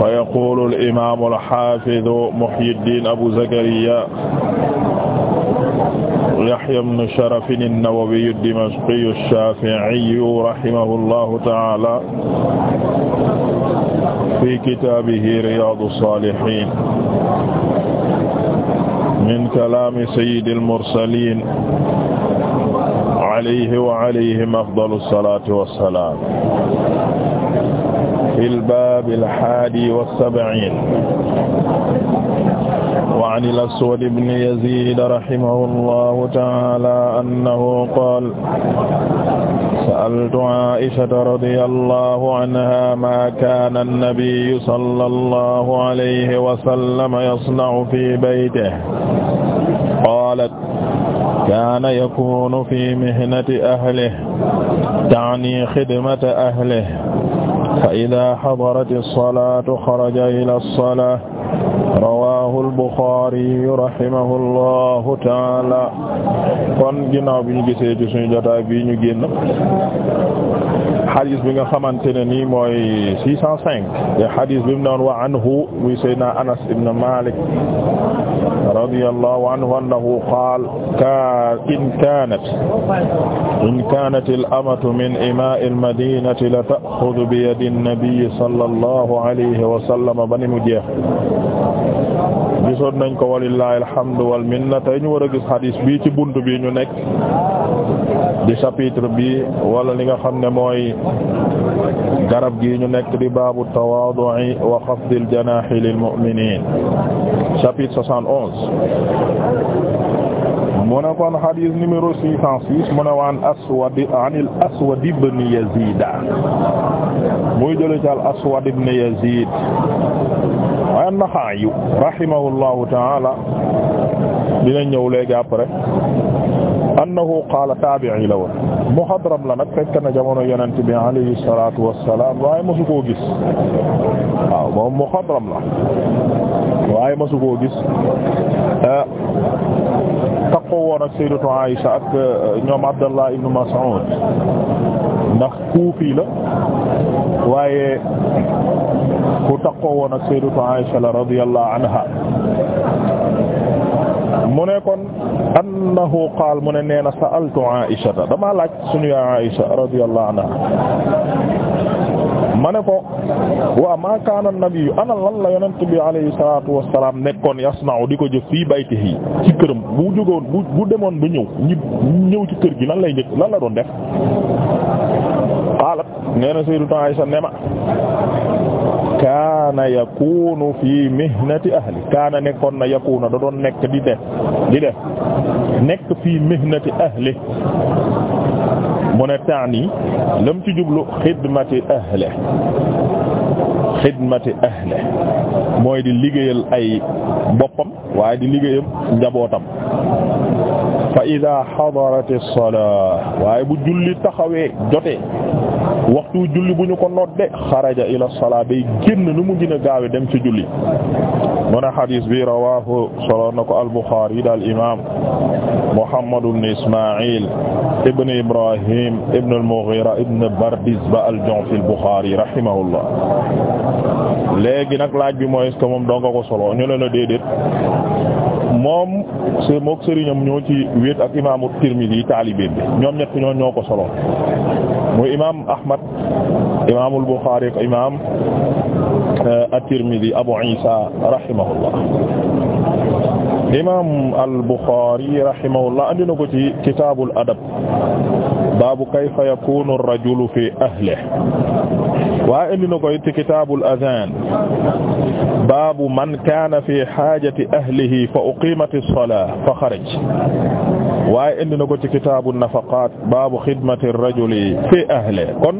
fa yaqulu al-imaamu al-haafidu Muhyiddin Abu Zakariya Yahya ibn Sharaf an-Nawawi ad-Dimashqi ash-Shaafi'i rahimahullahu ta'ala fi kitaabihi Riyaadu as-Saalihiin min kalaami sayyidil mursaliin alayhi wa alayhim afdalu as-salaatu was-salaam fi lbab alhaadi wassab'iin wa 'an al-aswad ibn yaziid rahimahu llahu ta'aala annahu qaala sa'altu 'aa'ishata radiyallahu 'anhaa maa kaana an-nabiyyu sallallahu 'alayhi wa sallam yasna'u fii baytihi qaalat kaana yakuunu fii mihnati ahlihi ta'nii xidmata ahlihi fa idaa hadarati salaatu xaraja ila salaa rawaahu al-Buxaari rahimahu llahu taala kon ginnaaw bi ñu gisee ci suñu jotaay bi ñu génn xadis bi nga xamante ne nii mooy six cent cinq te xadis bi mu doon wa anhu muy Seydina Anas ibn Maalik radiyallahu anhu annahu qaala ka in kaanat in kaanat al-amatu min imaa'i al-madiinati la ta'xudu bi yadi an-nabiyyi sallallahu alayhi wa sallam bani mu jeex gisoon nañ ko walillahi alhamdu wal minna tey ñu war a gis xadiis bi ci bunt bi ñu nekk di chapitre bi wala li nga xam ne mooy garab gi ñu nekk di baabu tawaadu'i wa xafdil janaahi lil mu'miniin chapitre soixante onze mu ne kon xadiis numéro six cent six mu ne waan aswad an al aswad ibn yazida muy jële ci al aswad ibn yazid an-Naxa'i rahimahullahu ta'ala dina ñëw léegi après annahu qaala taabi'i la woon muxadram la nag fekk na jamono yonent bi alayhi salaatu wassalaam waaye masu koo gis waaw moom muxadram la waaye masu koo gis taqoo woon ak sayyidatu Aïsha ak euh, ñoom Abdallah ibn Mas'ud ndax kuufi la waaye ku taqoo woon ak sayyidatu Aïsha la radiyallahu anha mu ne kon annahu qaal mu ne nee na sa'altu Aïsha dama laaj suñu Aïsha radiyallahu anha ma ne ko waaw maa kaana nabi ana lan la yonent bi alayhi salaatu wassalaam nekkoon yasna'u di ko jëf fii baytihi ci këram bu jógoon bu demoon ba ñëw ñib ñëw ci kër gi lan lay njëkk lan la doon def qaalat nee na sayyidatu kaana yakunu fi mihnati ahli kaana nekkoon na yakunu da doon nekk di def di def nekk fi mihnati ahli mu ne taani lam ci jublu xidmati ahle xidmati ahle mooy di liggéeyal ay boppam waaye di liggéeyam njabootam fa ida xadarati salaa waaye bu julli taxawee jotee waxtu julli bu ñu ko nodde xaraja ila salaa day génn nu mu gën gaawe dem ci julli mu ne xadiis bi rawaahu solo na ko al Buxaari daal imaam Muhammad ibn Ismaa'il ibn Ibrahim ibn al Mughira ibn Bardizba al Ju'fi al Buxaari rahimahullah léegi nag laaj bi mooy est-ce que moom dong ko solo ñu ne déedéet moom c'est mook sëriñam ñoo ci wéet ak imaamu Tirmidi taalibe bi ñoom ñett ñoo ko solo muy imaam Ahmad imaamul Buxaari ak imaam euh, at-Tirmidi Abu Isa rahimahullah imaam al Buxaari rahimahullah andi na ko ci kitaabul adab baabu kayfa yakunu ar-rajulu fi ahlihi waaye indi na koy ci kitaabul azaan baabu man kaana fi haajati ahlihi fa uqiimati as-salaa fa xaraj waaye indi na ko ci kitaabu nafaqaat baabu xidmati ar-rajuli fi ahlihi kon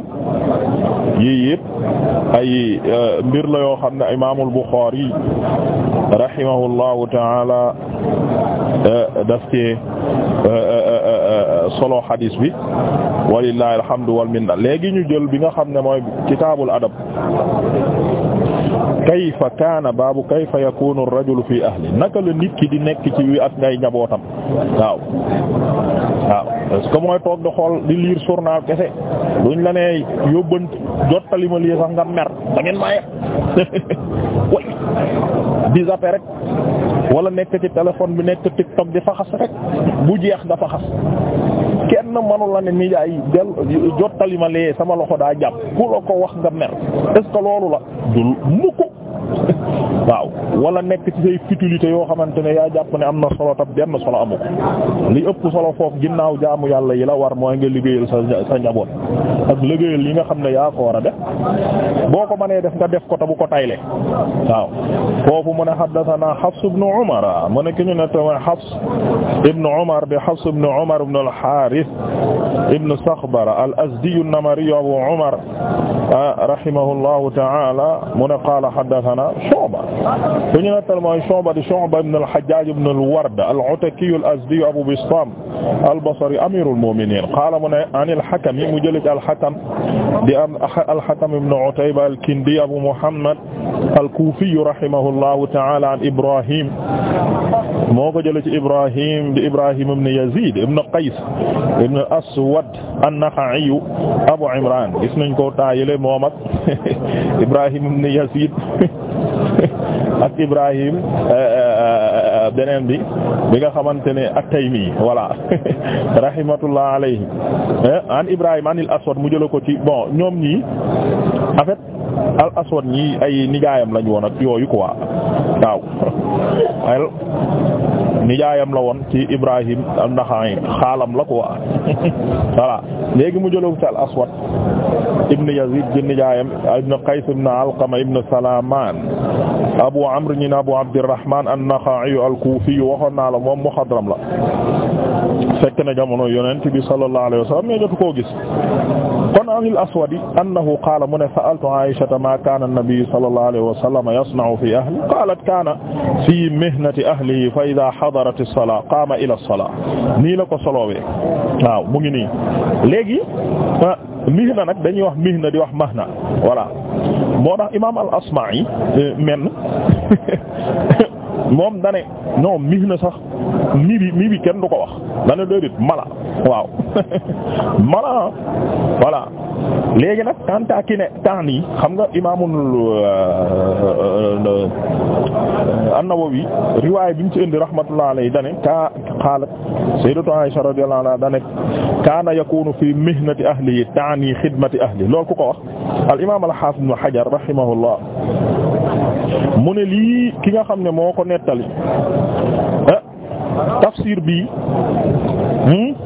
yii yëpp ay e, mbir la yoo xam ne imaamul Buxaari rahimahullahu ta'aala e, daf ci e, solo xadiis bi walillahi alhamdu wal léegi ñu jël bi nga xam ne mooy kitaabul adab kayfa kaana baabu kayfa yakunu ar fi ahli naka la nit ki di nekk ci wi ak ngay njabootam waaw waaw parce que mooy toog di xool di liir journal kese luñ la nee yóbbant jottali ma lii sax nga mer da ngeen maye di zapper rek wala nekk ci téléphone bi nekk TikTok di faxas rek bu jeex nga faxas kenn manu la ne ni ay del jottali ma lee sama loxo daa jàpp ku la ko wax nga mer est loolu la du waaw wala nekk ci say futilité yoo xamante ne yaa jàpp ne am na solo tab benn solo amu li ëpp solo foofu ginnaaw jaamu yàlla yi la war mooy nga liggéeyal sa sa ak liggéeyal yi nga xam ne yaa ko war a def boo ko mënee def nga def ko ta bu ko tayle waaw foofu mu ne haddathana Hafs ibn Umar mu ne ki ñu ne tamit Hafs ibn Umar bi Hafs ibn Umar ibn al-Harith ibn al-Azdi an-Namari Abu Umar rahimahullahu ta'ala mu ne qala haddathana Shu'ba ku ñu nettal mooy Shu'ba di Shu'ba ibn al-Hajjaj ibn al-Ward al-Ataki al-Azdi Abu Bistam al-Basri amirul mu'minin qaala mu ne an al-Hakam yi mu jëlee ci al-Hakam di am al-Hakam ibn Utayba al-Kindi Abu Muhammad al-Kufi rahimahullahu ta'ala an Ibrahim moo ko jëlee ci Ibrahim di Ibrahim ibn Yazid ibn Qays ibn al-Aswad an-Nakha'i Abu Imran gis nañ ko taayile moom ak Ibrahim ibn Yazid ak Ibrahim euh, euh, euh, beneen bi bi nga xamante ne at-Taymi voilà rahmatullah alayhi eh, an Ibrahim an al-Aswad mu jëla ko ci bon ñoom ñi en fait al-Aswad ñii ay nijaayam lañ woon ak yooyu quoi waaw nijaayam la woon ci Ibrahim an-Nakha'i xaalam la quoi voilà léegi mu jëloon ci al-Aswad ibn Yazid di nijaayam ibn Qays ibn Alqama ibn Salaman Abu Amr ñi ne Abu Abdirrahman an-Nakha'i al-Kufi waxoon naa la moom muxadram la fekk na jamono yonent bi sallallahu alayhi wasallam mais jotu koo gis kon anil aswadi annahu qaala mu ne sa'altu aishata ma kaana nabi sallallahu alayhi wa sallam yasna'u fi ahli qaalat kaana fi mihnati ahlihi fa idha hadarat as-salaa qaama ila as-salaa nii la ko solowee waaw mu ngi nii léegi ah, mihna nag dañuy wax mihna di wax mahna voilà moo tax imaam al-Asma'i eh, men moom dane non mihna sax mi bi mi bi kenn du ko wax dane déedéet mala waaw mala voilà léegi nag tanta ki ne temps yi xam nga imaamul euh, euh, euh, an-Nawawi riwaay bi mu ci indi rahmatullah alayhi dane ka qaalat sayyidatu Aisha radiyallahu anha dane kaana yakunu fi mihnati ahlihi taani xidmati ahli loolu ku ko wax al imaam al haafiz ibn Hajar rahimahullah mu ne lii ki nga xam ne moo ko nettali eh, tafsir bi hmm?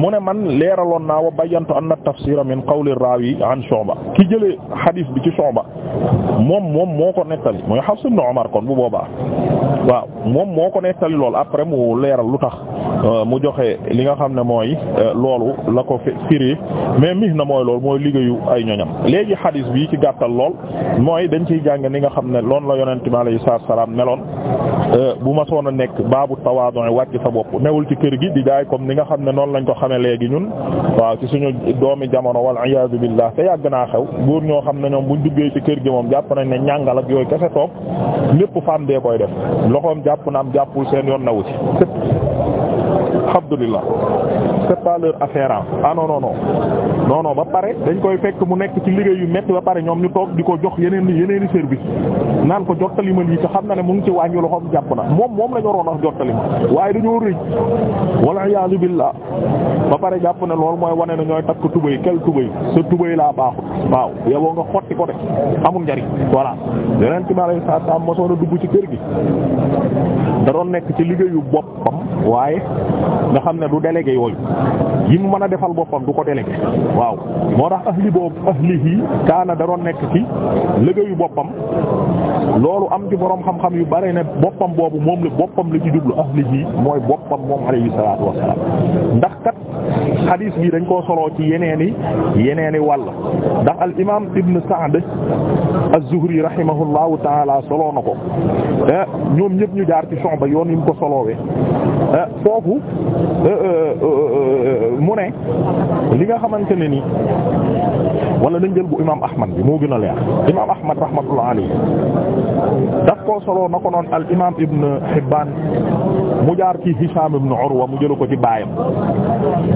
mu ne man leeraloon naa wa bayantu anna tafsira min qawli rawi an Shu'ba ki jëlee hadith bi ci Shu'ba moom moom moo ko nettali mooy Hafs ibn Umar kon bu boobaa waaw moom moo ko nettali lool après mu leeral lu tax euh, mu joxe li nga xam ne mooy euh, loolu la ko firi mais mih na mooy loolu mooy liggéeyu ay ñoñam léegi hadith bi ci gàttal lool mooy dañ ciy jàng ni nga xam ne loolu la yonent bi alayhi salaam meloon euh, bu ma soon a nekk baabu tawaadu wàcc sa bopp newul ci kër gi ne xame léegi ñun waaw ci suñu doomi jamono wal iyaadu billah te yàgg naa xew góor ñoo xam ne ñoom bu ñu duggee ci kër gi moom jàpp nañ ne ñàngal yooyu kese toog lépp femme dee koy def loxoom jàpp na am jàppul seen yoon nawu ci alhamdulillah c'est pas leur affaire ah non non non non non ba dañ koy fekk mu nekk ci liggéey yu metti ba pare ñoom ñu toog di ko jox yeneen yeneeni service naan ko jottali ma lii te xam na ne mu ngi ci wàññi loxoom jàpp na moom moom la ñu waroon jottali ma waaye dañoo rëy wal iyaadu billah ba pare jàpp na loolu mooy wane ne ñooy takk tubay kel tubay sa tubay laa baaxut waaw yow nga xotti ko de amul njariñ voilà yeneen ci maaley saa saa a dugg ci kër gi da doon nekk ci liggéeyu boppam waaye nga xam ne du délégué yooyu yi mu mën a defal boppam du ko délégué waaw moo tax ahli boobu ahlihi kaana da doon nekk ci liggéeyu boppam loolu am ci borom xam-xam yu bare ne boppam boobu moom la boppam li ci jublu ahlihi mooy boppam moom alayhi salaatu xadiis bi dañ koo soloo ci yeneeni yeneeni wàll ndax al imaam ibn Sa'd az-Zuhri rahimahullahu taala soloo na ko eh, ñoom ñëpp ñu jaar ci Shu'ba yoon yi mu ko soloowe eh, foofu eh, mu ne li nga xamante ne ni wala dañ jël bu imaam Ahmad bi moo gën a leer imaam Ahmad rahmatullah alayhi daf koo soloo na ko noon al imaam ibn Hibbaan mu jaar ci Hishaam ibn Urwa mu jëlu ko ci baayam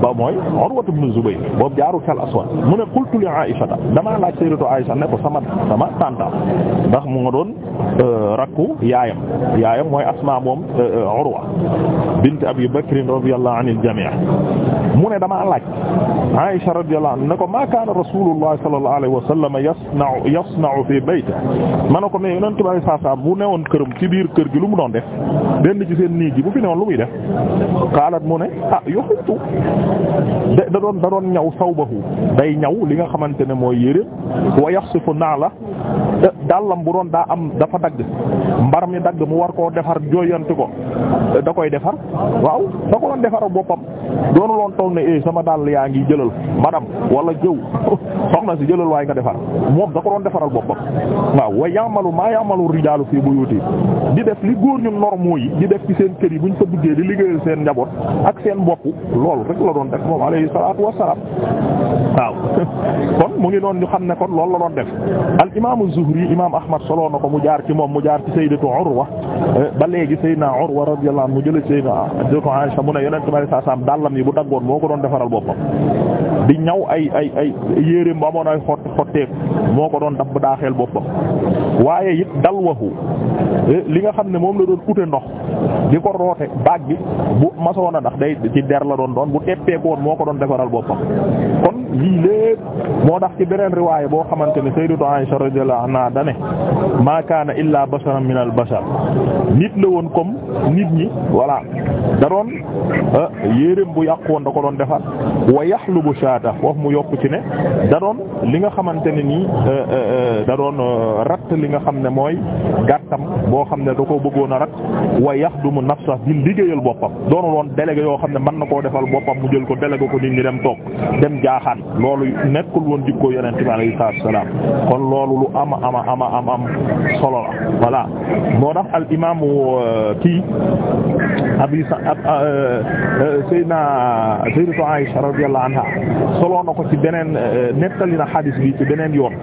ba mooy Urwatu ibn Zubayr boobu aswad mu ne qultu li Aïshata damaa laaj sayyidatu Aïsha ne ko sama sama tanta ndax mu nga doon euh, rakku yaayam yaayam mooy Asma moom euh, Urwa bint Abi Bakr radiyallahu anil jami' mu ne damaa laaj Aïsha radiyallahu anha ne ko ma kaana rasulullah sallallahu alayhi wa sallam yasna'u yasna'u fi baytihi ma ne ko mais yonent bi saa saa bu newoon këram ci biir kër gi lu mu doon def benn ci seen néeg gi bu fi newoon lu muy def qaalat mu ne ah yuhibbu da doon da doon ñaw sawbahu day ñaw li nga xamante ne mooy yére wa yaxsifu naala dàllam bu doon daa am dafa dagg mbar mi dagg mu war koo defar jooyanti ko da koy defar waaw da ko doon defar boppam doonu loon toog ne eh sama dàll yaa ngi jëlal madame wala jëw soxna si jëlal waaye nga defar moom da ko doon defaral boppam waaw wa ya'malu maa ya'malu rijaalu fii buyuti di def li góor ñu normo yi di def ci seen kër yi buñ fa duggee di liggéeyal seen njaboot ak seen bopp loolu rek la doon def moom alayhi salaatu wassalaam waaw kon mu ngi noon xam ne kon loolu la doon def az-Zuhri imaam Ahmad solo na ko mu jaar ci moom mu jaar ci sayyidatu Urwa eh, ba léegi sayyidina Urwa radiyallahu anhu mu jëlee sayyidatu Aisha mu a Yonent bi sallallahu alayhi wasallam dàllam yi bu daggoon moo ko doon defaral boppam. di ñaw ay ay ay yéeréem ba amoon ay xott xotteek moo ko doon dabb daaxeel boppam waaye it dal waxu eh, li nga xam ne moom la doon ute ndox di ko roote baag bi bu masoon a ndax day der la doon doon bu teppeeku woon moo ko doon defaral boppam. lii lépp moo tax ci beneen riwaaya boo xamante ne sayyidatu Aisha radiyallahu naa dane ma kaana illa basharan min al bashar nit la woon comme nit ñi voilà da doon euh, yéreem bu yàqu woon da ko doon defar wa yaxlubu shaata foofu mu yokku ci ne da doon li nga xamante ne nii euh, euh, da doon ratt li nga xam ne mooy gàttam boo xam ne da ko bëggoon a ratt wa yaxdumu nafsa di liggéeyal boppam doonul woon délégué yoo xam ne mën na koo defal boppam mu jël ko délégué ko nit ñi dem too loolu nekkul woon jikko yonent bi alayhi salaatu wa salaam kon loolu lu ama ama ama am am solo la voilà moo tax al imaamu euh, kii Aisha euh, euh, radiyallahu anha solo na ko ci beneen nettali na xadiis beneen yoon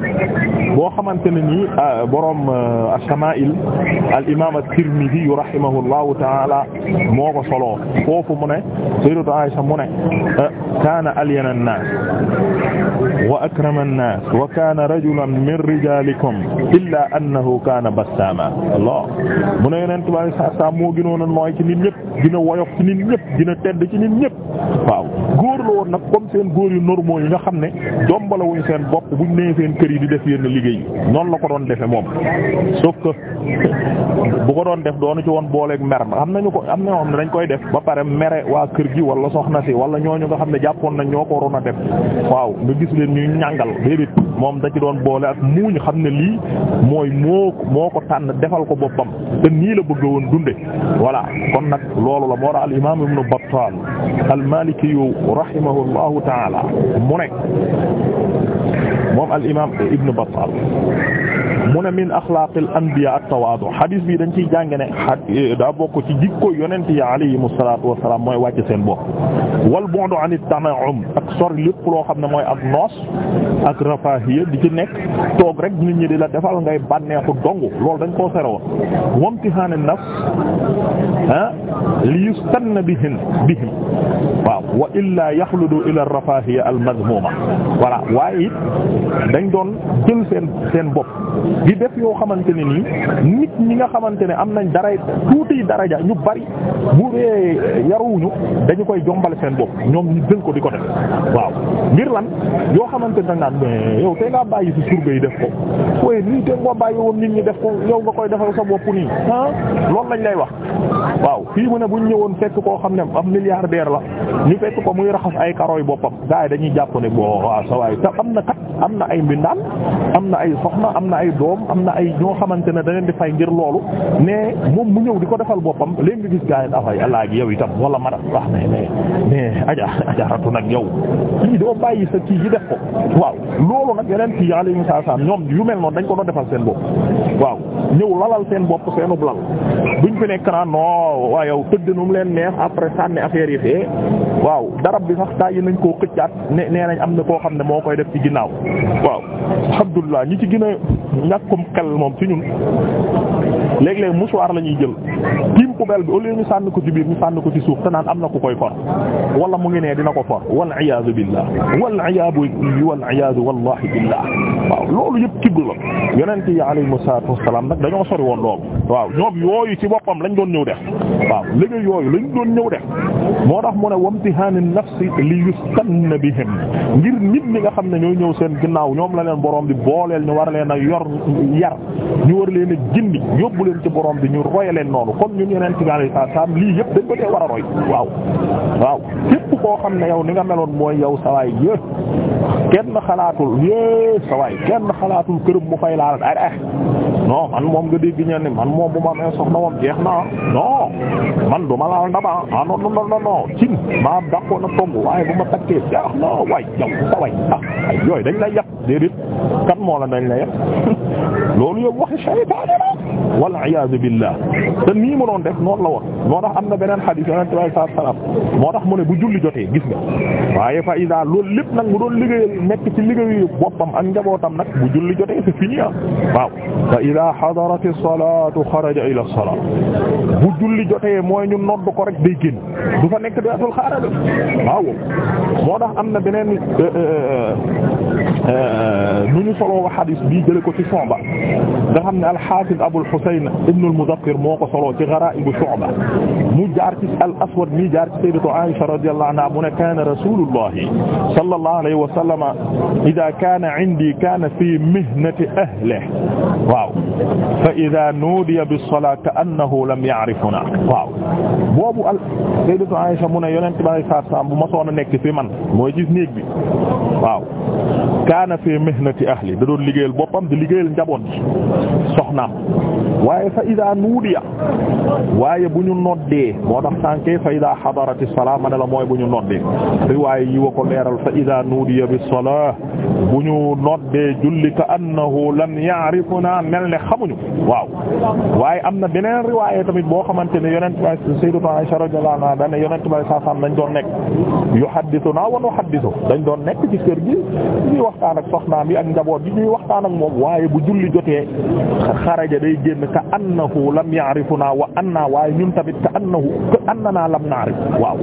boo xamante ne nii borom ash-Shamaa'il al imaam at-Tirmidhi rahimahullahu moo ko solo foofu mu ne sayyidatu Aisha mu ne kaana alyana wa akrama an-nas wa kana rajulan min rijalikum illa annahu kana bassama Allah mu ne yonent bi saa saa moo gënoon a nooy ci nit ñëpp dina woyof ci nit ñëpp dina tedd ci nit ñëpp waaw góor woon nag comme seen góor yu normaux yi nga xam ne jombalawuñ seen bopp buñ nee seen kër yi di def yenn liggéey noonu la ko doon defe moom sauf que bu ko doon def doonu ci woon booleeg mer am nañu ko am na ñoo xam ne dañ koy def ba pare mere waa kër gi wala soxna si wala ñooñu nga xam ne jàppoon nañ ñoo ko waroon a def waaw nga gis leen ñu ñàngal déedéet moom da ci doon boole ak muuñ xam ne lii mooy moo moo ko tànn defal ko boppam te nii la bëgg woon dunde voilà kon la moo ra rahimahullahu taala mu ne moom al imaam Ibn Battal mu ne min axlaaqil anbiya at-tawaadu bi dañ ciy jàng ne daa bokk ci jikko yonent yi alayhimu salaatu wa salaam mooy wàcc seen bopp wal bu'du an at-tana'um ak sori lépp loo xam ne mooy ak noos ak rafaahiya di ci nekk toog rek nit ñi di la defal ngay bànneexu dong loolu dañ koo seroon wamtihaan an-nafs ah li yustanna bihim bihim waaw wa illaa yaxludu ila ar-rafaahiya al-madhmuuma voilà waaye it dañ doon jël seen seen bopp di def yoo xamante ne nii nit ñi nga xamante ne am nañ dara tuuti daraja ñu bari bu dee yaruwuñu dañu koy jombal seen bopp ñoom ñu di ko def waaw xamante ne naan mais bàyyi si surga ko waaye nii bàyyi woon nit ñi def ko yow nga koy defal sa ah, loolu lañ lay wax waaw fii mu ne bu ñu ñëwoon fekk koo xam ne am milliardaire la ñu fekk ko muy raxas ay karoy boppam gars dañuy jàpp ne waay te am na kat am na ay mbindaal am na ay soxna am na ay doom boroom am na ay ñoo xamante ne da leen di fay ngir loolu mais moom mu ñëw di ko defal boppam léegi nga gis gaa yi afay allah gi yow itam wala madam wax mais mais mais aja ajaratu nag yow ñoom yu mel noonu dañ ko doon defal seen bopp waaw ñëw lalal seen bopp seenub lal buñ fi nekk naa non waa yow tëdd nu mu leen neex après sànni affaire yi fee waaw darab bi sax taa yi nañ koo xëccaat ne nee nañ am na koo xam ne moo koy def ci ginnaaw waaw alhamdulillah ñi ci gën ñàkkum xel moom ci ñun léeg-léeg mouchoir la ñuy jël tiim poubelle bi au lieu ñu sànni ko ci biir ñu sànni ko ci suuf te naan am na ko koy for wala mu ngi nee dina ko for wal iyaadu billah wal iyaadu wal iyaadu wallahi billah waaw loolu yëpp kibr la yonent yi alayhi salaatu wassalaam nag dañoo sori woon loolu waaw ñoom yooyu ci boppam lañ doon ñëw def waaw liggéey yooyu lañ doon ñëw def moo tax mu ne wamtihaani nafsi li yustanna bihim ngir nit ñi nga xam ne ñooy ñëw seen ginnaaw ñoom la leen borom bi booleel ñu war a leen a yor yar ñu war leen a gindi yóbbu leen ci borom bi ñu roye leen noonu comme ñun yeneen ci gaal yi saam lii yëpp dañ ko tee war a roy waaw. waaw képp koo xam ne yow ni nga meloon mooy yow sawaay yë kenn xalaatul yë sawaay kenn xalaatul non man moom nga dégg ñeen ni man moom bu ma amee soxna moom jeex na noo man du ma laal ndaba ah non cin maa dàqoon a tomb waaye bu ma takkee jeex na waay yow sa waay ah ay yooyu dañ lay yàq déedéet kan moo la dañ lay yàq loolu yow waxi shaytaane la wal iyaazu billah te nii mu doon def noonu la woon moo tax am na beneen xadiis yonent bi sallallahu alayhi wasallam moo tax mu ne bu julli jotee gis nga waaye fa ida lool lépp nag mu doon liggéeyal nekk ci liggéeyu boppam ak nag bu julli jotee idaa xadarati salaatu xaraja ila salaat bu julli jotee mooy ñu nodd ko rek day génn du fa nekk dootul xaaral waaw moo tax am na beneen euh, euh, euh, nu ñu soloo wa xadiis bii jële ko ci Shu'ba nga xam ne al-Haafid Abul Husayn ibn al-Muzaffar moo ko soloo ci Gharaa'ib Shu'ba mu jaar ci al aswad mi jaar ci sayyidatu Aisha radiyallahu anha mu ne kaana rasulullah sallallahu alayhi wa sallam idha kaana indi kaana fi mihnati ahlihi waaw fa idha nudiya bis-salati ka'annahu lam ya'rifuna waaw boobu al sayyidatu Aisha mu ne yonent bi sallallahu alayhi wa sallam bu ma soona nekk fi man mooy gis néeg bi waaw kaana fi mihnati ahli da doon liggéeyal boppam di liggéeyal njaboot ji soxnaam waaye fa ida nuudiya waaye bu ñu noddee moo tax sànke fa ida xadarati salaa ma ne la mooy bu ñu noddee riwaaya yi wa ko leeral fa ida nuudiya bi salaa bu ñu noddee julli ka annahu lam ya'rifuna mel ne xamuñu waaw waaye am na beneen riwaaya tamit boo xamante ne yonent ba sayyidatu Aisha radiyallahu anha dane yonent ba saa sam dañ doon nekk yuhaddithuna wa nuhaddithu dañ doon nekk ci kër gi waxtaan ak soxnaam yi ak njaboot gi ñuy waxtaan ak moom waaye bu julli jotee xaraja day génn ka annahu lam ya'rifuna wa waaye ñun tamit ka annahu ka annana lam na'rif waaw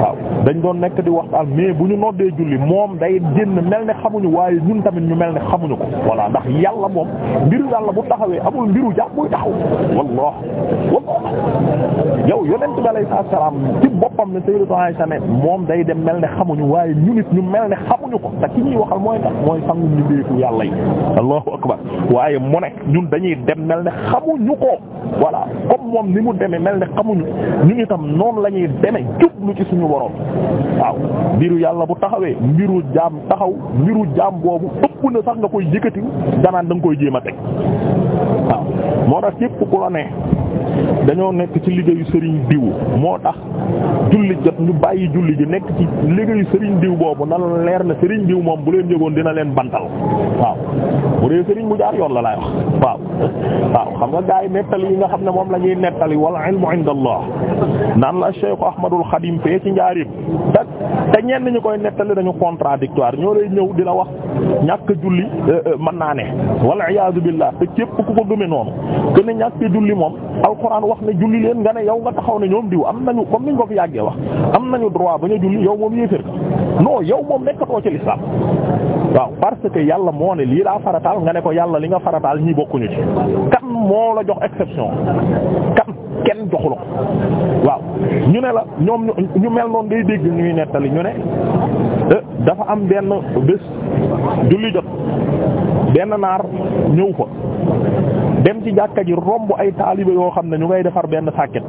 waaw dañ doon nekk di waxtaan mais bu ñu noddee julli moom day génn mel ni xamuñu waaye ñun tamit ñu mel ni xamuñu ko voilà ndax yàlla moom mbiru yàlla bu taxawee amul mbiru jàpp buy taxaw wallah wallah yow yonent bi alayhi salaam ci boppam ne sayyidatu Aisha ne moom day dem mel ne xamuñu waaye mooy tax mooy sangu ñu yàlla yi allahu akbar waaye mu nekk ñun dañuy dem mel ne xamuñu ko voilà comme moom ni mu demee mel ni xamuñu ñun itam noonu lañuy ñuy demee jublu ci suñu borom waaw mbiru yàlla bu taxawee mbiru jaam taxaw mbiru jaam boobu ëpp na sax nga koy yëkkati danaan da nga koy jéem a teg waaw moo tax képp ku la ne dañoo nekk ci liggéeyu sëriñ diw moo tax julli jot ñu bàyyi julli ji nekk ci liggéeyu sëriñ diw boobu na la leer na sëriñ diw moom bu leen yëgoon dina leen bantal waaw bu dee sëriñ bu jaar yoon la laay wax waaw waaw xam nga gaa nettali yi nga xam ne moom la ñuy nettali wal ilmu inda Allah naan la Cheikh Ahmadul Xadim fee ci njaarim te te ñenn ñu koy nettali dañu contradictoire ñoo lay ñëw di la wax ñàkk julli euh, euh, mën naa ne wal iyaadu billah te képp ku ko gëme noonu gën a alxuraan wax ne julli leen nga ne yow nga taxaw ne ñoom diw am nañu comme niñ ko fi yàggee wax am nañu droit ba ñu julli yow moom yéeféer ka non yow moom nekkatoo ci l'islam waaw parce que yàlla moo ne lii laa farataal nga ne ko yàlla li nga farataal ñi bokkuñu ci kan moo la jox exception kan kenn joxu la ko waaw ñu ne la ñoom ñu mel noonu day dégg ñuy nettali ñu ne eh, dafa am benn bés julli jot benn naar ñëw fa dem ci jàkka ji romb ay taalibe yoo xam ne ñu ngay defar benn sàkket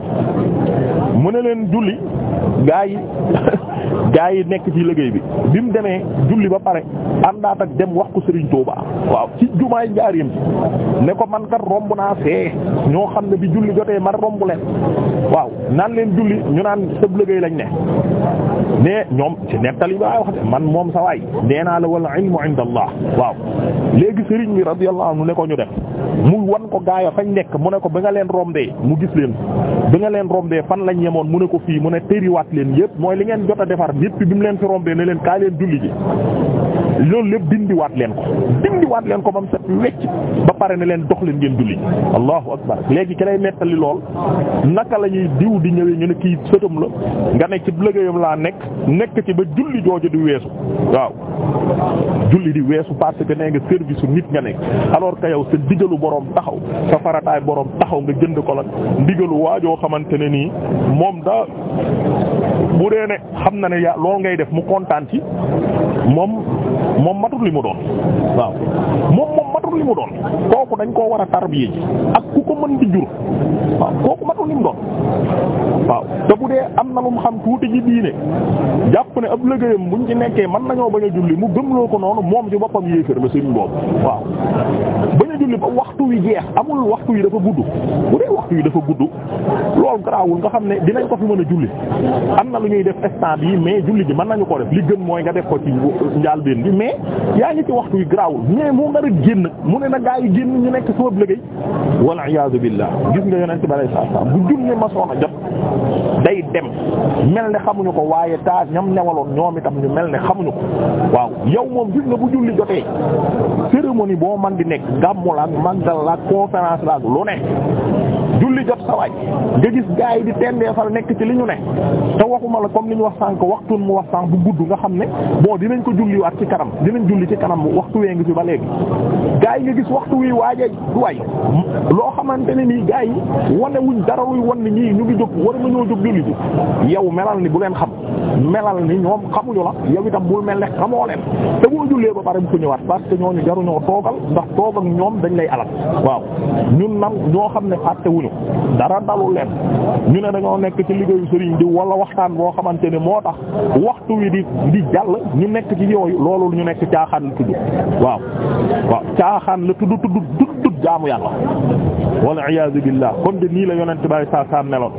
mu ne leen julli gaa yi gaa yi nekk ci liggéey bi bi mu demee julli ba pare àndaat ak dem wax ko Serigne Touba waaw ci jumaay njaarim ne ko man kat romb naa fee ñoo xam ne bi julli jotee man romb leen waaw naan leen julli ñu naan sëb liggéey lañ ne mais ñoom ci nettali ba wax man moom sa waay nee naa la wal ilmu inda Allah waaw léegi Serigne bi radiyallahu anhu ne ko ñu def mu wan ko gaaya fañ nekk mu ne ko ba nga leen rombee mu gis leen ba nga leen rombee fan lañ yemoon mu ne ko fii mu ne tëriwaat leen yëpp mooy li ngeen jot a defar yëpp bi mu leen fi rombee ne leen kaa leen julli ji loolu lépp dindiwaat leen ko dindiwaat leen ko ba mu set wecc ba pare ne leen dox leen ngeen julli allahu akbar léegi ki lay nettali lool naka la ñuy diw di ñëwee ñu ne kii sëtam la nga nekk ci liggéeyam laa nekk nekk ci ba julli jooju di weesu waaw julli di weesu parce que nee nga nga nekk alors ndigalu taxaw sa farataay borom taxaw nga jënd ko nag ndigalu waajoo xamante ne nii moom da bu dee ne xam na ne yaa lool ngay def mu kontaan ci moom moom matut li mu doon waaw moom moom matut li mu doon kooku dañ koo war a tarbiye ji ak ku ko mën di jur waaw kooku matut li mu doon waaw te bu dee am na lu mu xam tuuti ji diine jàpp ne ab lëgëyam buñ ci nekkee mën nañoo bañ a julli mu gëmloo ko noonu moom ci boppam yéefér la sëriñ boobu waaw bañ a julli ba waxtu wi jeex amul waxtu wi dafa gudd bu dee waxtu wi dafa gudd lool garaawul nga xam ne dinañ ko mën a julli lu ñuy def instant bi mais julli ji mën nañu ko def li gën mooy nga def ko ci njàlbéen bi mais yaa ngi ci waxtu yu garaawul mais moo nga rek génn mu ne na gaa yi génn ñu nekk sama liggéey wal iyaazu billah gis nga yonent bi alayhi salaam bu julli masoon a jot day dem mel ne xamuñu ko waaye taas ñam newaloon ñoom itam ñu mel ne xamuñu ko waaw yow moom gis nga bu julli jotee cérémonie boo man di nekk gàmmu la ak màggal la ak conférence la ak lu ne julli jot sa waaj nga gis gaa ñu ne waxuma la comme li ñu wax sànk waxtun mu wax sànk bu gudd nga xam ne bon dinañ ko julliwaat ci kanam dinañ julli ci kanam waxtu wee ngi fi ba léegi gaa yi nga gis waxtu wi waaja way loo xamante ne nii gaa yi wane wuñ dara wuy wan ni ñii ñu ngi jóg war nañoo jóg julli ji yow melal ni bu leen xam melal ni ñoom xamuñu la yow itam bul mel ne xamoo leen te boo jullee ba pare bu ko ñëwaat parce que ñooñu jaruñoo toogal ndax toog ak ñoom dañ lay alal waaw ñun nag ñoo xam ne fàttewuñu dara dalu leen ñu caaxaan boo xamante ne moo tax waxtu wi di di jàll ñu nekk ci yooyu loolu ñu nekk caaxaan la tudd waaw waaw caaxaan la tudd tudd jaamu yàlla walla iyaazu billaah kon de nii la yonent baay saa saa meloon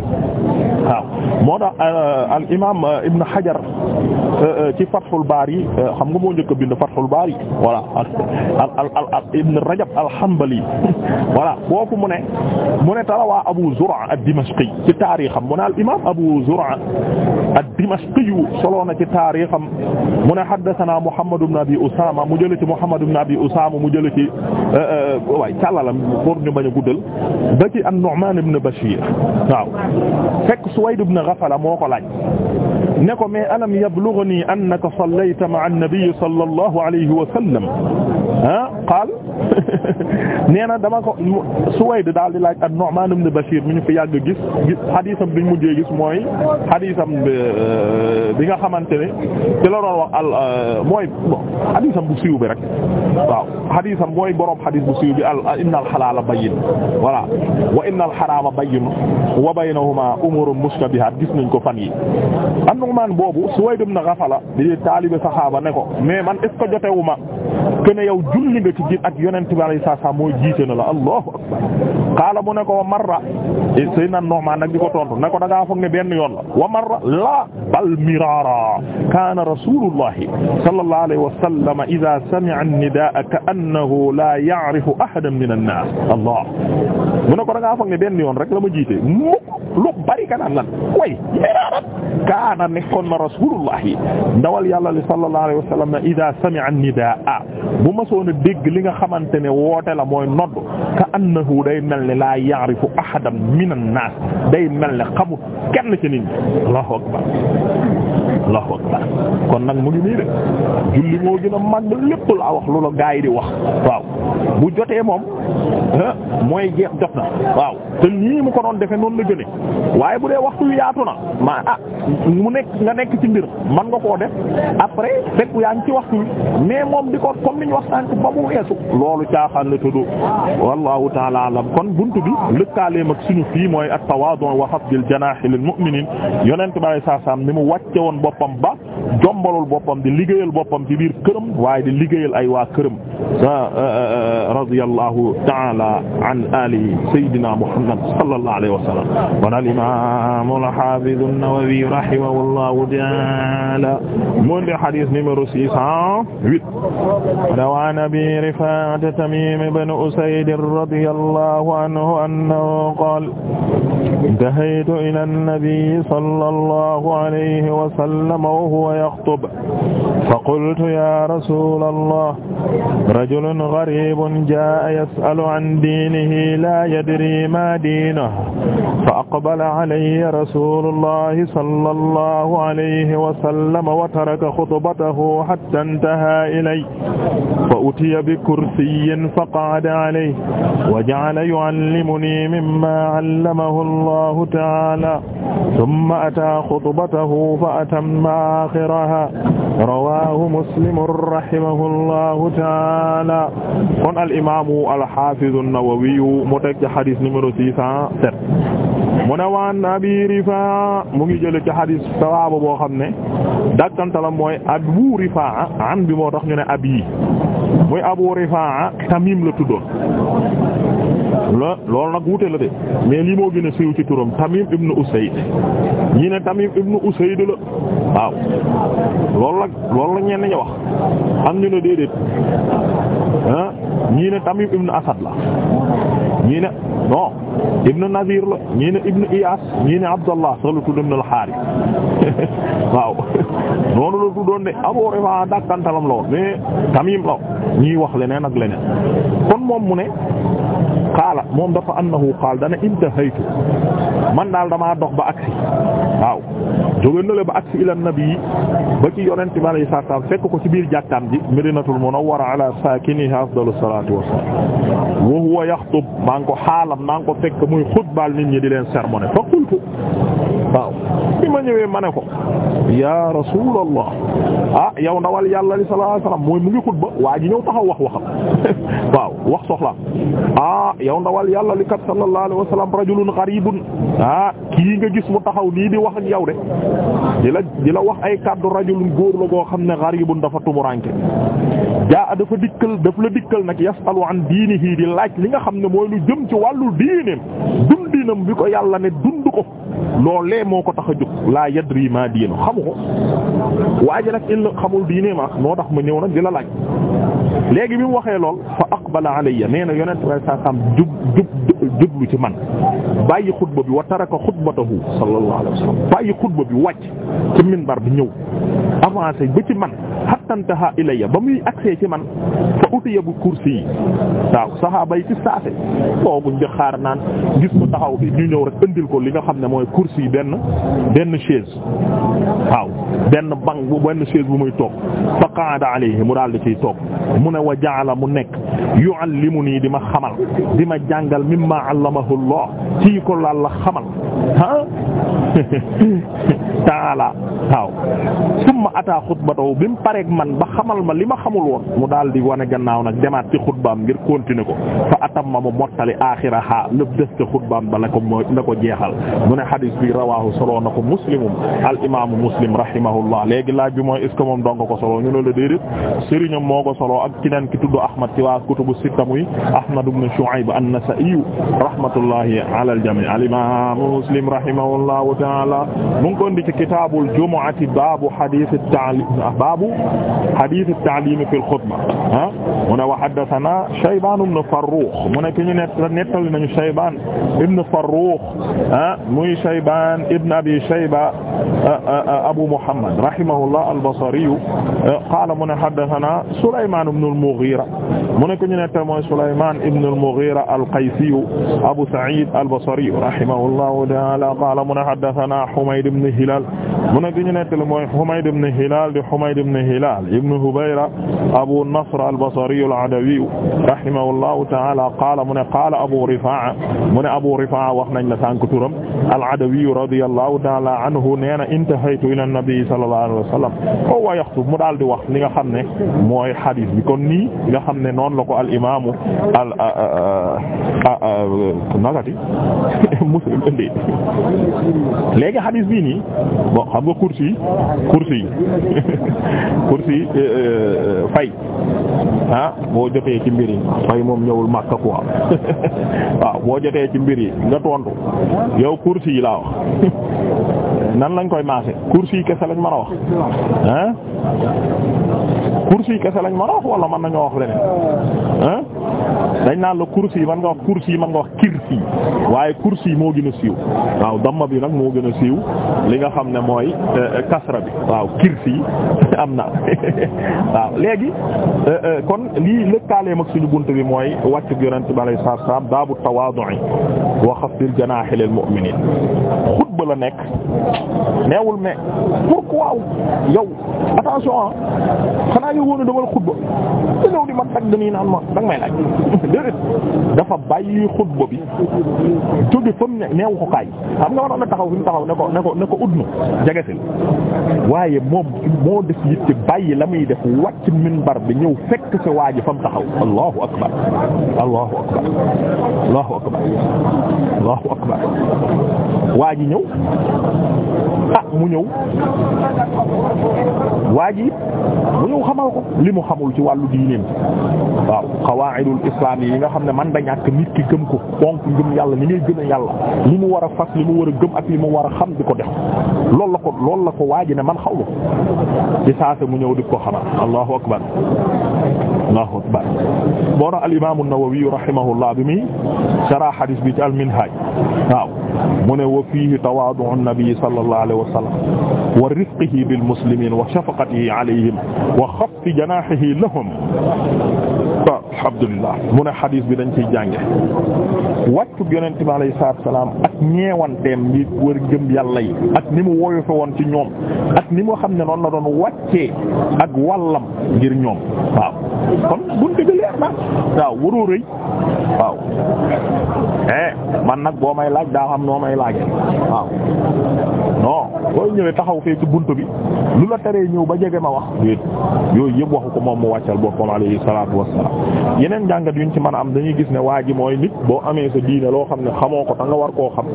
waaw moo tax euh, al imaam euh, Ibn Hajar Euh, euh, ci Fathul Bari euh, xam nga moo njëkk a bind Fathul Bari voilà al al al al Ibn Rajab al-Hanbali voilà foofu mu ne mu ne tarawaa Abu Zur'a ad-Dimashqi ci taarixam mu ne al imaam Abu Zur'a ad-Dimashqi solo na ci taarixam mu ne haddathana Muhammad ibn Abi Usama mu jëlee ci Muhammad ibn Abi Usama mu jëlee ci waay càllalam pour ñu bañ a guddal ba ci an-Nu'man ibn Bashir waaw fekk Suwayd ibn Ghafala moo ko laaj ne ko mais alam yablughni annaka sallayta ma'a an-nabi sallallahu alayhi wa sallam ah qaal nee na dama ko Suwayd daal di laaj an-Nu'man ibn Bashir mi ñu fi yàgg gis gis xadisam bi ñu mujjee gis mooy xadisam bi euh, nga xamante ne ci la doon wax al euh, mooy xadisam bu siiw bi rek waaw xadisam mooy borom xadis bu siiw bi al inna al-halaala bayyin voilà wa innal xaraama bayyinun wa baynahuma umurun mushtabihaat gis nañ ko fan yi an Nu'maan boobu Suwayd ibn Ghafala di taalibe saxaaba ne ko mais man est ce que jotewuma kene yow julli nga ci biir ak yonent bi alayhi salaam mooy jiite na la allahu akbar qaala mu ne ko wa marra Seydina Nu'maan nag di ko tontu ne ko da ngaa foog ne benn yoon la wa marra la bal miraara kaana rasuulullahi sallallahu alayhi wa sallam idaa sami'a an-nidaa'a ka'annahu laa ya'rifu ahadan mina an-naas allah mu ne ko da ngaa foog ne benn yoon rek la ma jiite mukk lu bari kanaan lan way miraara kaana nekkoon na rasulullah yi ndawal yàlla li sallallahu alayhi wa sallam ida sami'a nidaa bu ma a dégg li nga xamante ne woote la mooy nodd ka annahu day mel ni laa ya'rifu ahadan min an-naas day mel ne xamul kenn ci nit ñi allahu akbar allahu akbar kon nag mu ngi nii de julli moo gën a màgg lépp laa wax loola gaa yi di wax waaw bu jotee moom ah, mooy jeex jot na waaw te nii mu ko doon defe noonu la jëlee waaye bu dee waxtu wi yaatu na ma ah mu nekk nga nekk ci mbir man nga koo def après fekk yaa ngi ci waxtu mais moom di ko comme ni ñu wax sànq ba mu weesu loolu caaxaan la tudd wallahu taala alam kon buntu bi lëkkaaleem ak suñu fii mooy at-tawaadu wa xafdil janaahi lil mu'minin yonent bi saa saam ni mu wàcce woon boppam ba jombalul boppam di liggéeyal boppam ci biir këram waaye di liggéeyal ay waa këram Eh, eh, eh, radiyallahu ta'ala an ali sayyidina muhammad sallallahu alayhi wa sallam wa al-imam al-hafiz an-nawawi rahimahullahu ta'ala mu ngi hadith numéro 608 rawa nabi rifa'at tamim ibn usayd radiyallahu anhu annahu qala intahaytu ila an-nabi sallallahu alayhi wa sallam wa huwa yakhutub faqultu ya rasul allah rajulun gariibun jaa'a yas'alu an diinihi laa yadrii maa diinuhu fa aqbala alayhi rasuulullaahi sallallaahu alayhi wa sallam wa taraka xutbatahu hattaa intahaa ilayhi fa utiya bi kursiyyin fa qa'ada alayhi wa ja'ala yu'allimunii mimmaa 'allamahu Allaahu ta'aalaa summa ataa xutbatahu fa atamma aaxirahaa rawaahu muslimun rahimahullaahu ta'aalaa taala kon al imaamu al xaafizu mu teg ci xadis numéro six cent sept mu ne waan Abi Rifaa mu ngi jële ci xadis sawaaba boo xam ne dakkantalam mooy Abu Rifaa an bi moo tax ñu ne ab yi muy Abu Rifaa Tamim la tuddoon la loolu nag wute la de mais lii moo gën a siiw ci turam Tamim ibnu Usayd ñi ne Tamim ibnu Usayd la waaw loolu la loolu la ñenn ñi wax am ñu ne déedéet ah ñii ne Tamim ibnu Asad la ñii ne non ibnu Nazir la ñii ne ibnu Iyas ñii ne Abdallah sax la tudd ibnu al-Harith waaw noonu la tuddoon ne Abu Rifa'a dàkkantalam la woon mais Tamim ñii wax leneen ak leneen kon moom mu ne qaala moom dafa annahu qaal dana intahaytu man daal damaa dox ba agsi waaw jóge na la ba agsi ila nabi ba ci yonent bi alayhi salaam fekk ko ci biir jàkkaam ji Madinatul Munawwara ala saakiniha afdalu salaatu wassalaam wa huwa yaxtub maa ngi ko xaalam maa ngi ko fekk muy xutbaal nit ñi di leen sermonner ko waaw bi ma ñëwee ma ne ko ya rasulallah ah yow ndawal yàlla li sallallahu alayhi wasallam mu ngi xutba waa ji ñëw taxaw wax waxam waaw wax soxla ah yow ndawal yàlla li kat sallallahu alayhi wasallam rajulun gharibun ah kii nga gis mu taxaw nii di wax ak yow de di la di la wax ay kàddu rajulun góor la goo xam ne gharibun dafa tumuranke jaa dafa dikkal daf la dikkal nag yasalu an diinihi di laaj li nga xam ne mooy lu jëm ci wàllu diineem dundinam bi ko yàlla ne dund ko loolee moo ko tax a jóg laa yadri ma diinu xamu ko waaye nag il xamul diine ma noo tax ma ñëw nag di la laaj léegi bi mu waxee lool fa aqbala alayya nee na yonent way a sam jub jub jublu ci man bàyyi xutba bi wa taraka xutbatahu sallallahu alayhi wasallam bàyyi xutba bi wàcc ci minbar bi ñëw avancé ba ci man hatta intaha ilayya ba muy agsee ci man fa utiya bu kursi yi waaw saxaaba yi ci saase tooguñ di naan gis mu taxaw bi ñu ñëw rek indil ko li nga xam ne mooy kursi yi benn benn chaise waaw benn banc bu benn chaise bu muy toog fa qaada alayhi mu daal di ciy toog mu ne wa mu nekk yu'allimuni di ma xamal di ma jàngal mimma 'allamahu Allah ci ko laal la xamal ah ta'ala waaw summa ata xutbatahu pareeg man ba xamal ma li ma xamul woon mu daal di wane gannaaw nag demaat ci xutbaam ngir continuer ko fa a ma mu mottali axiraha lépp des ca xutbaam ba la ko la ko jeexal mu ne xadis bi rawahu soloo na ko muslimum al imaamu muslim rahimahullah léegi laaj bi mooy est ce que moom donga ko soloo ñu ne la déedéet sëriñam moo ko soloo ak keneen ki tudd ahmad ci waa kutubu sitta muy ahmad ibn shu'ayb an-nasa'i rahmatullahi ala al-jami' al imaamu muslim rahimahullahu ta'ala mu ngi ko indi ci kitaabul jumu'ati baabu hadith at-ta'lim baabu xadiis at-ta'liim fi al-xutba ah mu ne wa haddathanaa Shaybaan ibn Farruux mu ne ki ñu nettali nañu Shaybaan ibn Farruux ah muy Shaybaan ibn Abi Shayba Abu Muhammad rahimahullah al-Basri qaala mu ne haddathanaa Sulaymaan ibn al-Mughiira mu ne ki ñu nettali mooy Sulaymaan ibn al-Mughiira al-Qaysi Abu Sa'iid al-Basri rahimahullahu ta'aala qaala mu ne haddathanaa Humayd ibn Hilaal mu ne ki ñu nettali mooy Humayd ibn Hilaal di Humayd ibn Hilaal ibnu Hubayra Abu Nasr al-Basri al-Adawi rahimahullahu ta'ala qaala mu ne qaala Abu Rifaa'a mu ne Abu Rifaa'a wax nañ la sànq turam al-Adawi radiyallahu ta'ala anhu nee na intahaytu ila an-nabi sallallahu alayhi wa sallam wa huwa yaxtub mu daal di wax li nga xam ne mooy xadiis bi kon nii nga xam ne noonu la ko al imaamu al nakati Muslim indi léegi xadiis bii nii bon xam nga kursi kursi pour si eh, eh, eh, fay ah boo jotee ci mbir yi fay moom ñëwul Makka quoi waaw boo jotee ci mbir yi nga tontu yow kursi yi laa wax nan lañ koy maase kursi yi kese lañ ma a wax ah kursi yi kese lañ mën a wax wala mën nañoo wax leneen dañ naan la kursi yi mën nga wax kursi yi nga wax kirsi waaye kursi yi moo gën a siiw waaw damma bi nag moo gën a siiw li nga xam ne mooy euh, kasra bi waaw kirsi yi am na waaw léegi euh, euh, kon lii lëkkaaleem ak suñu bunt bi mooy wàccu yonent bi alayhi salaatu salaam baabu tawaadu'i wa xafdil janaahi lil mu'miniin xutba la nekk neewul mais pourquoi yow attention ah xanaa yow woon a xutba te ñëw di ma tagg nii naan ma danga may laaj déedéet dafa bàyyi xutba bi jóge fa mu ne neewu ko xam nga waroon na taxaw fi mu taxaw ne ko ne ko ne ko udnu jagasil waaye moom moo def yitte bàyyi la muy def wàcc minbar bi ñëw fekk sa waa ji fa mu taxaw allahu akbar allahu akbar allahu waa ji ñëw ah mu ñëw waa ji mu ñëw xamal ko li mu xamul ci wàllu diineem waaw qawaa'idul islam islaam yi nga xam ne man da ñàkk nit ki gëm ko fonk ngëm yàlla li ngay gën yàlla li mu war a fas li mu war a gëm ak li mu war a xam di ko def lool la ko lool la ko waaji ne man xaw ma ko ci saase mu ñëw di ko xamal allahu akbar Allahu akbar boo tax al-Imam an-Nawawi rahimahullah bi muy sara hadis bi ci al-Minhaj waaw mu ne wa fiihi tawaadu an-nabi sallallahu alayhi wa sallam wa rifqihi bil muslimiin wa shafaqatihi alayhim wa xafdi janaahihi lahum alhamdulillah mu ne hadis bi dañ ciy jànge wàccu yonent bi alayhi salaatu salaam ak ñeewanteem yi wër gëm yàlla yi ak ni mu woyofe woon ci ñoom ak ni mu xam ne noonu la doon wàccee ak wàllam ngir ñoom waaw kon buntu bi leer na waaw waroo rëy waaw eh man nag boo may laaj daa xam noo may laaj waaw non boo ñëwee taxaw fee ci bunt bi lu la teree ñëw ba jege ma wax déet yooyu yëpp waxu ko moom mu wàccal boppam alayhi salaatu wassalaam yeneen jàngat yuñ ci mën a am dañuy gis ne waa ji mooy nit boo amee sa diine loo xam ne xamoo ko ta nga war koo xam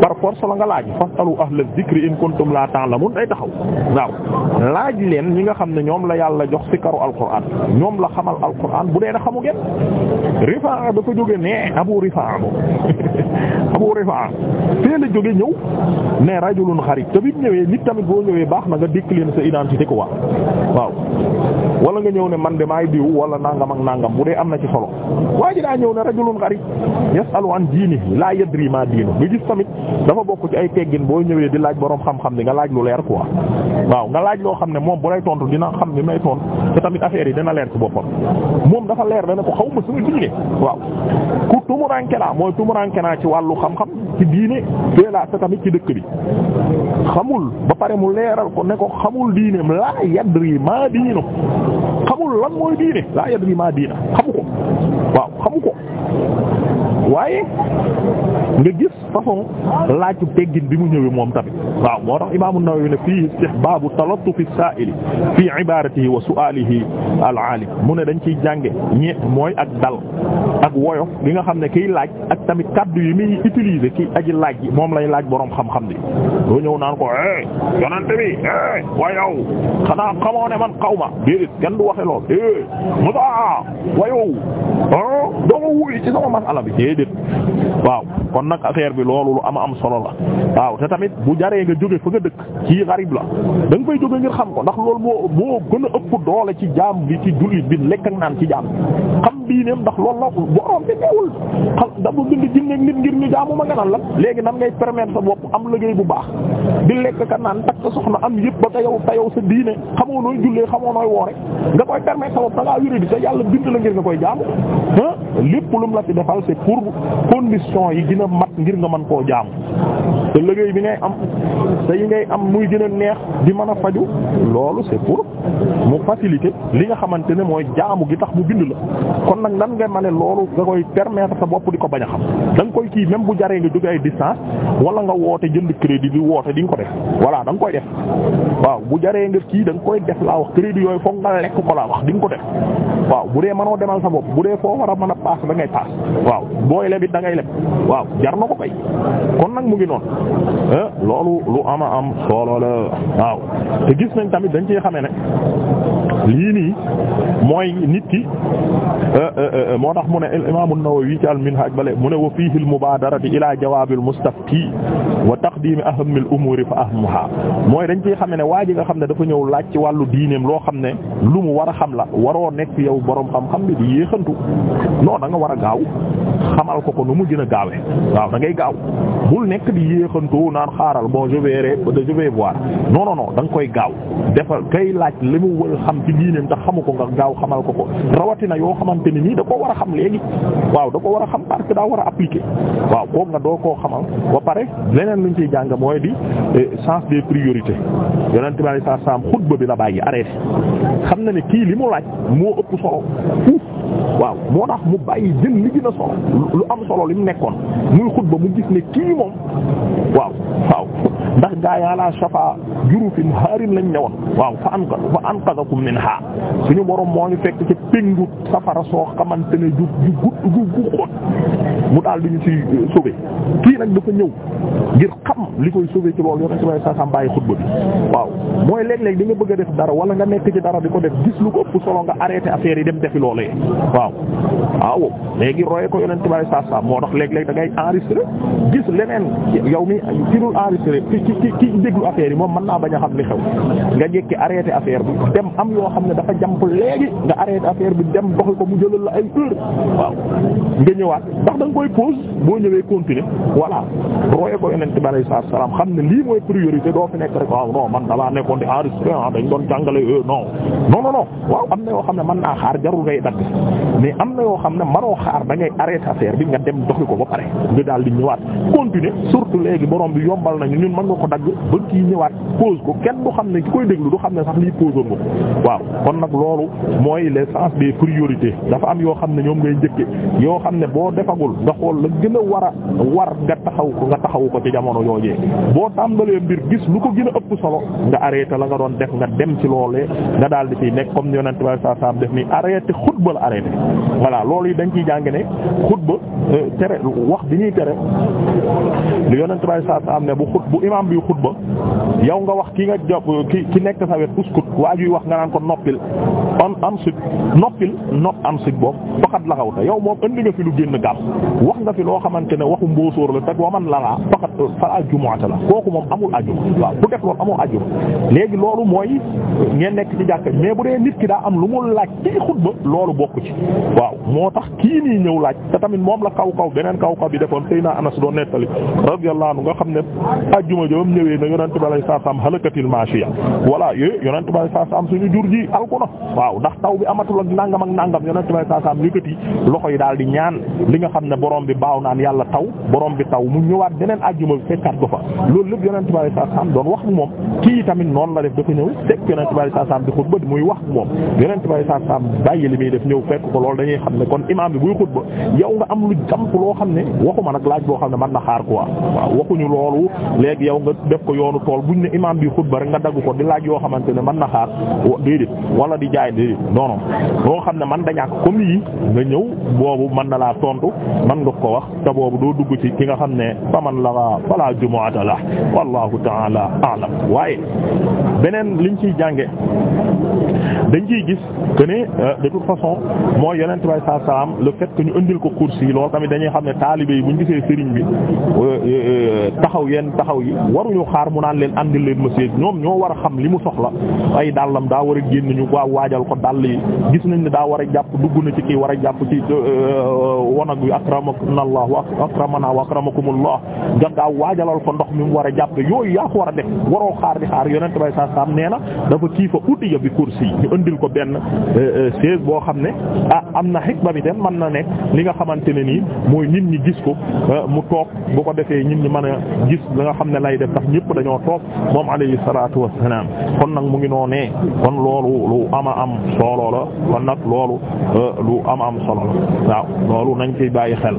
par force la nga laaj fasalu ahla dhikri in kuntum la ta'lamun day taxaw waaw laaj leen ñi nga xam ñoom la xamal alquran bu dee na xamu ngeen Rifaa dafa jóge nee Abu Rifaa bo Abu Rifaa fee la jóge ñëw ne rajulun xarib te ñëwee nit tamit boo ñëwee baax na nga dékk leen sa ko quoi waaw wala nga ñëw ne man de maay diw wala nangam ak nangam bu dee am na ci solo waa ji daa ñëw ne rajulun gharib yasalu an diini la yadri ma diinu nga tamit dafa bokk ay teggin boo ñëwee di laaj borom xam nga laaj lu leer quoi waaw nga laaj loo xam ne moom bu lay tontu dina xam ni may tontu te tamit affaire yi dina leer ci moom dafa leer dana ko xaw ma sama waaw ku tumuranke laa mooy tumuranke naa ci wàllu xam-xam ci tamit ci dëkk bi ba pare mu leeral ko ne ko xamul diineem laa yadri ma diinu xamul lan mooy diine laa yadri maa diina xamu ko waaw xamu ko waaye nga gis façon laaju teggin bi mu ñëwee moom tamit waaw moo tax imaamu Nawawi ne fii istihbaabu talattu fi saa'ili fii ibaaratihi wa su'aalihi al-aalim mu ne dañ ciy jànge ñe mooy ak dal ak li nga xam ne kiy laaj ak tamit kaddu yi muy utiliser ki aji laaj ji moom lay laaj boroom xam-xam ni doo ñëw ko eh yonante eh, man xaw ma déedéet kenn du waxe lool eh ah, ci sama masala bi déedéet waaw kon kon nag affaire bi loolu lu am am solo la waaw te tamit bu jaree nga jóge fa nga dëkk ci xarib la da nga fay jóge ngir xam ko ndax loolu moo moo gën a ëpp doole ci jaam bi ci jullit bi lekk ak naan ci jaam diineem ndax loolu la borom bi neewul xam dafa bind jinne nit ngir ñu jaamu ma nga naan la léegi nan ngay permettre sa bopp am liggéey bu baax di lekk ka naan takk soxna am yëpp ba te yow te yow sa diine xamoo nooy jullee xamoo nooy woore nga koy permettre sa bopp da ngaa wéri di te yàlla bind la ngir nga koy jaamu ah lépp lu mu la ti defal c'est pour condition yi dina mat ngir nga man koo jaamu te liggéey bi ngay am te yi ngay am muy gën a neex di man a faju loolu c'est pour mu faciliter li nga xamante ne mooy jaamu gi tax mu bind la kon nag nan nga ma ne loolu nga koy permettre sa bopp di ko bañ a xam da koy kii même bu jaree nga jóge ay distance wala nga woote jënd crédit di woote di nga ko def voilà da koy def waaw bu jaree nga kii da koy def laa wax crédit yooyu foog nga lekk ko laa wax di ko def waaw bu dee mënoo demal sa bopp bu dee foo war a mën a da ngay paas waaw booy lebit da ngay waaw jar na ko kay kon nag mu ngi noonu Eh, loo lu ama am solo la waaw te gis nañ tamit dañ ci xame ne lii nii mooy nit ki euh, euh, euh, moo tax mu ne Imaam An-Nawawi ci Al-Minhaj bale mu ne wa fiihi al-mubaadarati ilaa jawaabi al-mustafti wa taqdiimi ahammi al-umuuri fa ahammahaa mooy dañ ciy xam ne waa ji nga xam ne dafa ñëw laaj ci wàllu diineem loo xam ne lu mu war a xam la waroo nekk yow boroom xam-xam bi di yéexantu non da nga war a gaaw xamal ko ko nu mu gën a gaawe waaw da ngay gaaw bul nekk di yéexantu naan xaaral bon je verrai je vais voir non koy gaaw diineem tax xamu ko nga gaaw xamal ko ko rawatina yoo xamante ne nii da koo war a xam léegi waaw da ko war a xam parce que daa war a appliquer waaw kooku nga doo koo xamal ba pare leneen luñ ciy jàng mooy di eh, sens des priorités yonent bi saa saam xutba bi la bàyyi arrêté xam na ne kii li mu laaj moo ëpp solo waaw moo tax mu bàyyi jël li gën a solo lu am solo li mu nekkoon muy xutba mu gis ne kii moom waaw. waaw ndax gaa yi ala shafa jurufin haarin lañ ne woon waaw fa anqa fa anqadakum minha ñu borom moo ñu fekk ci péngu safara soo xamante ne ju ju gu gu mu daal di ñu ci sauvé kii nag dafa ñëw ngir xam li koy sauvé ci loolu yonent bi sasam bàyyi xutba bi waaw mooy léeg-léeg di nga bëgg a def dara wala nga nekk ci dara di ko def gis lu ko ëpp solo nga arrêté affaire yi dem defi loolu yee waaw waaw léegi roye ko yonent bi sasam moo tax léeg-léeg da ngay enregistré enregistré ki ki ki déglu affaire yi moom mën naa bañ a xam li xew nga jekki arrêté affaire bi dem am yoo xam ne dafa jàmp léegi nga arrêté affaire bi nga da nga koy pause boo ñëwee continuer voilà roye ko yonent bi alayhi salaam xam lii mooy priorité doo fi nekk man damaa nekkoon di enregistré ah dañ doon jàngale heure non xam ne mën naa xaar jarul ngay dagg mais am na yoo xam ne manoo xaar da ngay arrêté affaire bi nga dem doxi ko ba pare nga daal di ñëwaat continuer surtout léegi borom bi yombal sonal nañu ñun mën nga ko dagg ba kii ñëwaat pause ko kenn du xam ne ki koy déglu du xam ne sax lii pauseoon nga ko waaw kon nag loolu mooy l'essence dafa am yoo xam ne ñoom ngay njëkke yoo xam ne boo defagul nga xool la gën a war a war nga taxaw ko nga taxawu ko ci jamono yooyee boo tàmbalee mbir gis lu ko gën a ëpp solo nga arrêté la nga doon def nga dem ci loolee nga daal di ciy nekk comme yonent ba saa saa def ni arrêté xutba la arrêté voilà loolu yi dañ ciy jàng ne xutba euh, tere wax bi ñuy tere lu yonent ba saa saa am xut bu imam bi xutba yow nga wax ki nga jàpp ki ki nekk sa wet uskut waa juy wax nga naan ko noppil on am sut noppil nopp am sut boobu faqat laxaw te yow moom indi nga fi lu génn gàll wax nga fi loo xamante ne waxu mbóosóor la te waman la laa faqat fala jumu'ata la kooku moom amul ajuma waaw bu def loolu amoo ajuma léegi loolu mooy ngeen nekk ci jàkk mais bu dee nit ki daa am lu mu laaj ci xutba loolu bokk ci waaw moo tax kii nii ñëw laaj te tamit moom la kaw kaw beneen kaw kaw bi defoon Seydina Anas doon nettali radiyallahu anhu ajjuma jëm ñëwee na yonente balay saa saam halakatil maashiya voilà yooyu yonente balay saa saam suñu jur ji alku na waaw ndax taw bi amatul ak nangam ak nangam yonente balay saa saam loxo yi daal di ñaan li nga xam ne borom bi baaw naan yàlla taw borom bi taw mu ñëwaat beneen ajjuma bi fekkaat ko fa loolu lépp yonente balay saa saam doon wax moom kii tamit noonu la def dafa ñëw fekk yonente balay saa saam di xutba muy wax moom yonente balay saa saam bàyyi li muy def ñëw fekk ko loolu dañuy xam ne kon imaam bi buy xutba loo xam ne waxuma nag laaj boo xam ne mën na xaar quoi waaw léegi yow nga def ko yoonu tool buñ ne imaam bi xutba rek nga dagg ko di laaj yoo xamante ne man na xaar déedéet wala di jaay déedéet non non xam ne man da ñàkk comme yi nga ñëw boobu man na laa tontu man nga ko wax te boobu doo dugg ci ki nga xam ne man la fala jumu'ata la wallahu ta'ala a'lam waaye beneen liñ ciy jànge dañ ciy gis que ne euh, de toute façon mooy yonent bi saa salaam le fait que ñu indil ko course yi loolu tamit dañuy xam ne taalibe yi bu ñu gisee sëriñ bi euh, euh, taxaw yenn taxaw yi waruñu xaar mu naan leen andil leen monsieur ñoom ñoo war a xam li mu soxla ay dàllam daa war a génn ñu waa waajal ko dàll yi gis nañ ne daa war a jàpp dugg na ci kii war a jàpp ci wanag wi akramakumullah wa akramana wa akramakumullah nga daa waajalal ko ndox mi mu war a jàpp yooyu yaa ko war a def waroo xaar di xaar yonent bi saa salaam nee na dafa andil ko benn euh, euh, boo xam ne ah am na xikma bi tam mën na nekk li nga xamante ne nii mooy nit ñi gis ko euh, mu toog bu ko defee nit ñi mën a gis la nga xam ne lay def tax ñëpp dañoo toog moom alayhi salaatu wassalaam kon nag mu ngi noonee kon loolu lu ama am solo la kon nag loolu lu ama am solo waaw loolu nañ ciy bàyyi xel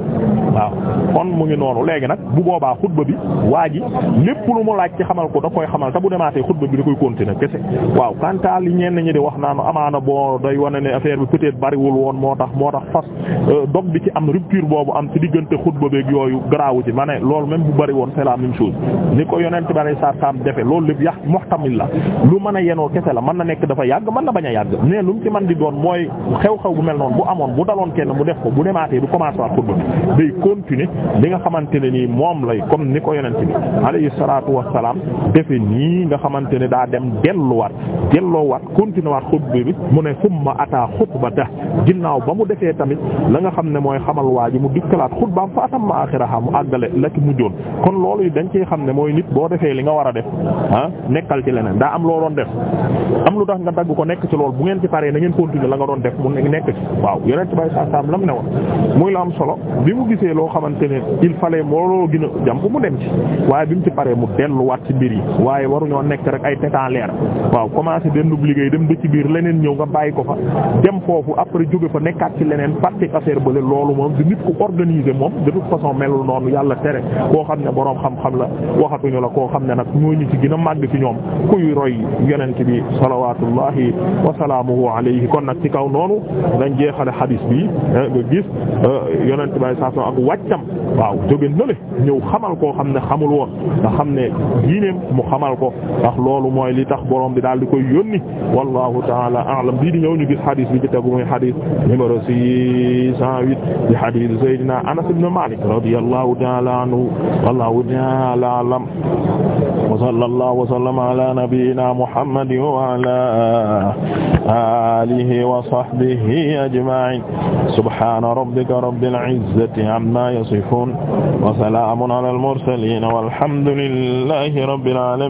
waaw kon mu ngi noonu léegi nag bu boobaa xutba bi waa ji lépp lu mu laaj ci xamal ko da koy xamal te bu demaatee xutba bi da koy continuer kese waaw kanta li ñenn ñi di wax na naan amaana boo day wane ne affaire bi peut bariwul woon moo tax moo tax fas euh, dog bi ci am rupture boobu am ci diggante xutba beeg yooyu garaawu ci ma loolu même bu bari woon c'est la même chose ni ko yonent bari a yenoo na nekk dafa yàgg mën a yàgg mais lu mu ci mën di doon mooy xew-xew bu mel noonu bu amoon bu daloon kenn mu def ko bu demaatee du commencer waat xutba bi day continuer li nga xamante ne nii moom lay comme ni ko yonent bi alayhi salaatu wassalaam defe nii nga xamante daa dem delluwaat delloowaat continuer xutba bi mu ne summa ataa xutbata ginnaaw ba mu defee tamit la nga xam ne mooy xamal waa ji mu dikkalaat xutbaam fa atamma axiraha mu àggale la ci mujjoon kon loolu yi dañ ciy xam ne mooy nit boo defee li nga war a def ah nekkal ci leneen daa am loo doon def am lu tax nga dagg ko nekk ci lool bu ngeen ci paree na ngeen continuer la nga doon def mu nekk ci waaw yeneen ci bay sasam lam ne woon muy la am solo bi mu gisee loo xamante ne il fallait mooloo gën a jàmp mu dem ci waaye bi ci paree mu delluwaat ci mbir yi waaye waruñoo nekk rek ay tête en biir leneen ñëw nga bàyyi ko fa dem foofu après jóge fa nekkaat ci leneen parti affaire bële loolu moom di nit ku organisé moom de toute façon melul noonu yàlla tere koo xam ne boroom xam-xam la waxatuñu la koo xam ne nag ñooñu ci gën a màgg ci ñoom kuy roy yonent bi salawaatullahi wa salaamuhu alayhi kon nag ci kaw noonu dañ jeexale xadiis bi eh, nga gis eh, yonent bi saa soxna ak wàccam waaw jóge na le ñëw xamal koo xam ne xamul woon nga xam ne diineem mu xamal ko ndax loolu mooy li tax boroom bi daal ta'ala a'lam bii di ñëw ñu gis xadis bi ci tegu muy xadis numéro six cent huit di xadis Seydina Anas ibn Malik radiyallahu ta'ala anhu wallahu ta'ala a'lam wa sallallahu wa sallama ala nabiyyina Muhammadin wa ala alihi wa sahbihi ajma'in subhana rabbika rabbil izzati amma yasifun wa salamun ala al mursalin walhamdulillahi rabbil alamin